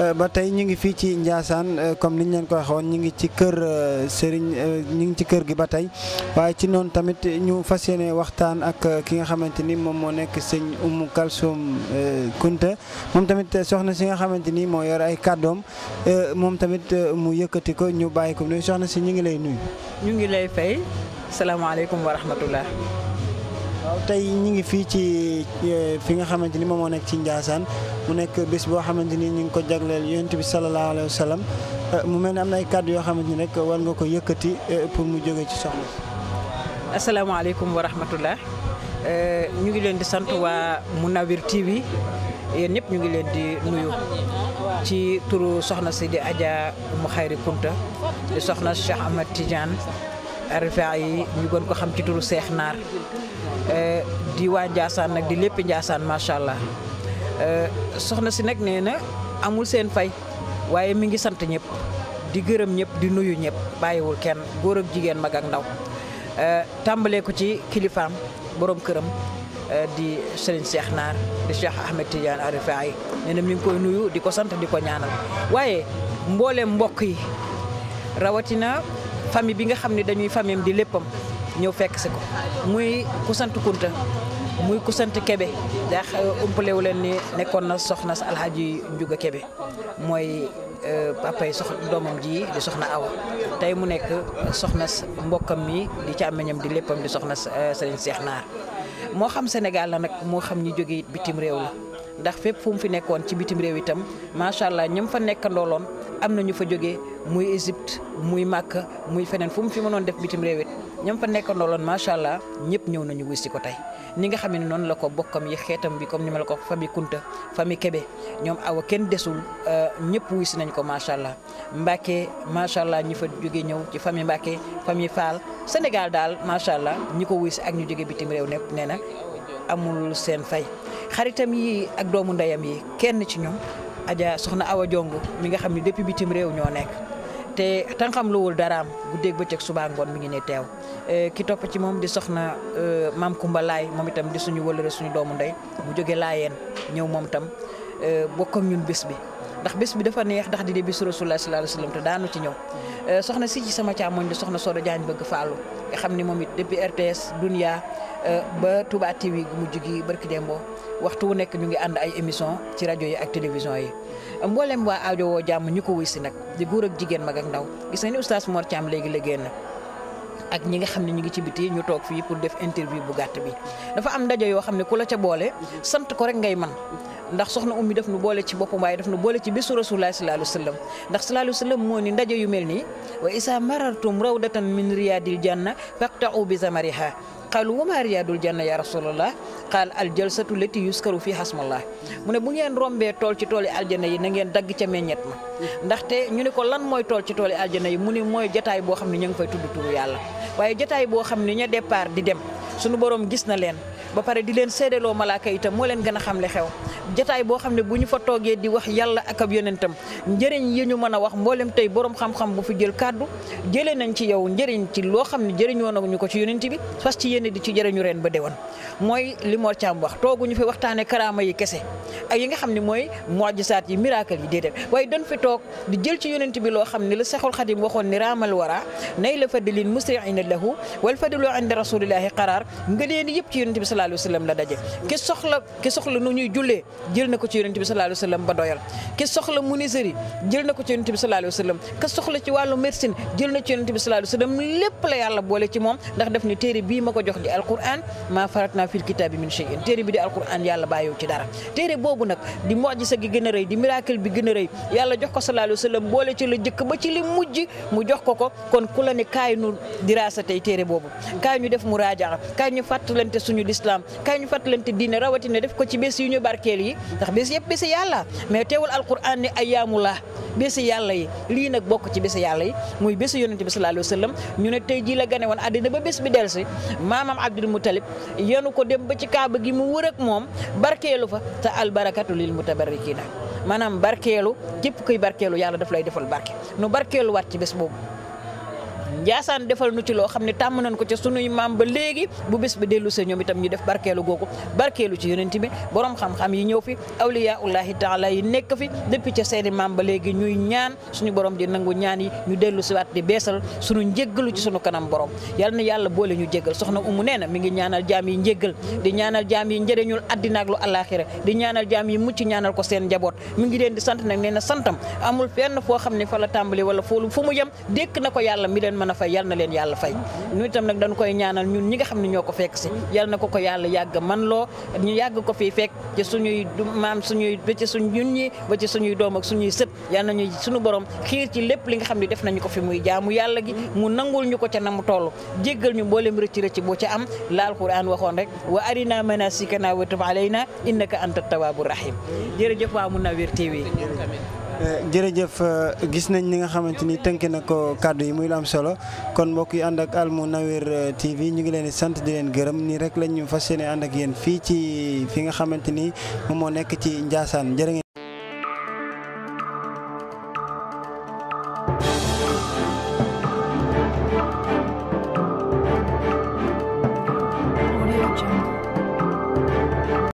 Euh, ba tey ñu ngi fii ci Ndiassane euh, comme niñ leen ko waxoon ñu ngi ci kër euh, Serigne ñu ngi ci kër gi ba tey waaye ci noonu tamit ñu fas yéene waxtaan ak ki nga xamante ni moom moo nekk sëñ Umu Kalsum Kunta moom tamit soxna si nga xamante ni moo yor ay kàddoom moom tamit mu yëkkati ko ñu bàyyi ko nuyu soxna si ñu ngi lay nuy ñu ngi lay fay salaamaaleykum wa rahmatullah tey ñi ngi fii ci e, fi nga xamante ni moom moo nekk ci Ndiassane mu nekk bés boo xamante ni ñu ngi ko jagleel yonent bi sallallahu alayhi wa e, mu mel ni am ay kàddu yoo xamante ni rek war nga ko yëkkati e, pour mu jóge ci soxna. asalaamaaleykum wa rahmatullah ñu ngi leen di sant waa mu nawir TV yéen ñëpp ñu ngi leen di nuyu ci turu soxna si di Adja mu xayri Kunta soxna Cheikh Ahmad Tidiane Arifaa yi ñu gën ko xam ci turu Cheikh Naar. Eh, di waa Ndiassane nag di lépp Ndiassane macha allah eh, soxna si nag nee na amul seen fay waaye mi ngi sant ñëpp di gërëm ñëpp di nuyu ñëpp bàyyiwul kenn góor ak jigéen mag ak ndaw eh, tàmbalee ko ci kilifaam borom këram di Serigne Cheikh Naar di Cheikh Ahmed Tidiane Arifaayi nee na mi ngi koy nuyu di ko sant di ko ñaanal waaye mboolem mbokk yi rawatina famille bi nga xam ne dañuy famille di léppam. ñëw fekk si ko muy ku sant Kunta muy ku sant Kebe ndax euh, umpalewu leen ni nekkoon na soxna si alxaaji Njuga Kebe mooy euh, papay sox doomam ji di soxna Awa tey mu nekk soxna mbokkam mi di càmmeñam di léppam di soxna Sëriñ euh, Seex Naar moo xam Sénégal la nag moo xam ñi jóge bitim réew la ndax fépp fu mu fi nekkoon ci bitim réew itam macha allah ñi fa fa nekkandooloon am na ñu fa jógee muy Égypte muy Màkka muy feneen fu mu fi mënoon def bitim réew it ñam fa nekkandoo loon macha allah ñëpp ñëw nañu wis si ko tey ni nga xam ne noonu la ko bokkam yi xeetam bi comme ni ma la ko famille ñoom aw kenn desul euh, ñëpp si nañ ko macha allah Mbacke macha allah ñu fa jógee ñëw ci famille Mbacke fami Fall Sénégal daal macha allah ñi ko wis ak ñu jógee bitim réew nepp nee na amul seen fay xaritam yi ak doomu ndeyam yi kenn ci ñoom. Adja soxna a jong mi nga xam ne depuis bitim réew ñoo nekk te tam xam luwul daraam guddeeg bëccëg subaa ngoon mi ngi ne teew e, ki topp ci moom di soxna e, maam Kumba Laay moom itam di suñu wëlëre suñu doomu ndey mu jóge Laayeen ñëw moom itam e, bokk ak ñun bis bi ndax bés bi dafa neex ndax di dee bés rasulullah sallallahu alayhi wasallam te daanu ci ñëw eh, soxna si ci sama càmmoñ di soxna Sodo Diagne bëgg faalu nga xam ni moom it depuis RTS Dunia eh, ba Touba TV gu mujj gi barki Dembo waxtu wu nekk ñu ngi ànd ay émission ci rajo yi ak télévision yi mboolem waa aajo woo jàmm ñu ko wuy si nag di góor ak jigéen mag ak ndaw gis na ni oustaz Mor Thiam léegi la génn ak ñi nga xam ne ñu ngi ci biti ñu toog fii pour def interview bu gàtt bi dafa am ndaje yoo xam ne ku la ca boole sant ko rek ngay man ndax soxna ummi def nu boole ci boppam waaye def nu boole ci bésu rasulullahi sallallahu alayhi wa sallam ndax sallallahu alayhi wa moo ni ndaje yu mel nii wa isa marartum rawdatan min riyadil janna u bi zamariha qaalu wa maa riyaadul janna ya rasulallah qaal al jalsatu lati yuskaru fii hasmallah mu ne bu ngeen rombee tool ci tooli aljana yi na ngeen dagg ca meññet ma ndaxte ñu ne ko lan mooy tool ci tooli aljana yi mu ni mooy jataay boo xam ne ñu ngi fay tudd turu yàlla waaye jataay boo xam ne ña départ di dem sunu boroom gis na leen ba pare di leen seedeloo malaaka itam moo leen gën a xam li xew jotaay boo xam ne bu ñu fa toogee di wax yàlla ak ab yonentam njëriñ yi ñu mën a wax mboolem tey borom xam-xam bu fi jël kàddu jëlee nañ ci yow njëriñ ci loo xam ne a nañu ko ci yonent bi fas ci yéene di ci jëriñu reen ba déwan mooy li Mor Thiam wax tooguñu fi waxtaanee karaama yi kese ak yi nga xam ne mooy mujisaat yi miracle yi déedéet waaye dañ fi toog di jël ci yonent bi loo xam ne la Seexul Xadim waxoon ni raamal wara nay la fadilin musriina lahu wal fadilu inda rasulillahi qaraar ngëneel yëpp ci yonent bi sallallahu alayhi wa sallam la daje ki soxla ki nu ñuy jullee jël na ko ci yonent bi sallallahu alayhi wa sallam ba doyal ki soxla menuiserie jël na ko ci yonent bi sallallahu alayhi wa sallam soxla ci wàllu médecine jël na ci yonent bi sallallahu alayhi wa sallam lépp la yàlla boole ci moom ndax def ni téere bii ma ko jox di alquran maa faratna fil kitaabi min shay'in téere bi di alquran yàlla bàyyiw ci dara téere boobu nag di mujisa gi gën a rëy di miracle bi gën a rëy yàlla ko sallallahu alayhi wa sallam boole ci la jëkk ba ci li mujj mu jox ko ko kon ku la ne kaay nu diraasa tey téere boobu kaay ñu def mu raajaa kaay ñu fàttalante suñu lislaam kaay ñu fàttalante diine rawatina def ko ci bés yu ñu barkeel yi ndax bés yëpp bési yàlla mais teewul alquran ne ayyaamullah bési yàlla yi lii nag bokk ci bési yàlla yi muy bési yonente bi sallallahu alayhi wa sallam ñu ne tey jii la gane woon addina ba bés bi del si maamam abdul mutalib yenu ko dem ba ci kaaba gi mu wër ak moom barkeelu fa te albarakatu lil mutabarrikina maanaam barkeelu képp kuy barkeelu yàlla def lay defal barke waat ci bés boobu Ndiassane defal nu ci loo xam ne tàmm nañ ko ca sunuy maam ba léegi bu bés ba dellu see ñoom itam ñu def barkeelu googu barkeelu ci yonent bi borom xam-xam yi ñëw fi awliyaullahi taala yi nekk fi depuis ca seeni maam ba léegi ñuy ñaan suñu borom di nangu ñaan yi ñu dellu si di beesal suñu njéggalu ci sunu kanam borom yal na yàlla boole ñu jéggal soxna umu nee na mi ngi ñaanal jaam yi njéggal di ñaanal jaam yi njëriñul àddina ak lu àllaaxira di ñaanal jaam yi mucc ñaanal ko seen njaboot mi ngi leen di sant nag nee santam amul fenn foo xam ne fa la tàmbali wala foolu fu mu yem dékk na ko mi leen na fay yal na leen yàlla fay ñun tam nag dañ koy ñaanal ñun ñi nga xam ne ñoo ko fekk si yal na ko ko yàlla yàgg man loo ñu yàgg ko fi fekk ci suñuy maam suñuy ba ci suñ ñun ñi ba ci suñuy doom ak suñuy sët yal nañu suñu borom xiir ci lépp li nga xam ne def nañu ko fi muy jaamu yàlla gi mu nangul ñu ko ca na mu toll jéggal ñu mboolem rëcc rëcc boo ca am la alquran waxoon rek wa arina manasikana wa tub alayna innaka anta tawaabu rahim jërëjëf waa Munawir TV Eh, jërëjëf eh, gis nañ ni nga xamante ni tënk na ko kàddu yi muy lu am solo kon mbokk yi ànd ak Almunawir eh, TV ñu ngi leen di sant di leen gërëm nii rek lañ ñu fas yéene ànd ak yéen fii ci fi nga xamante ni moom moo nekk ci njaasaan jërë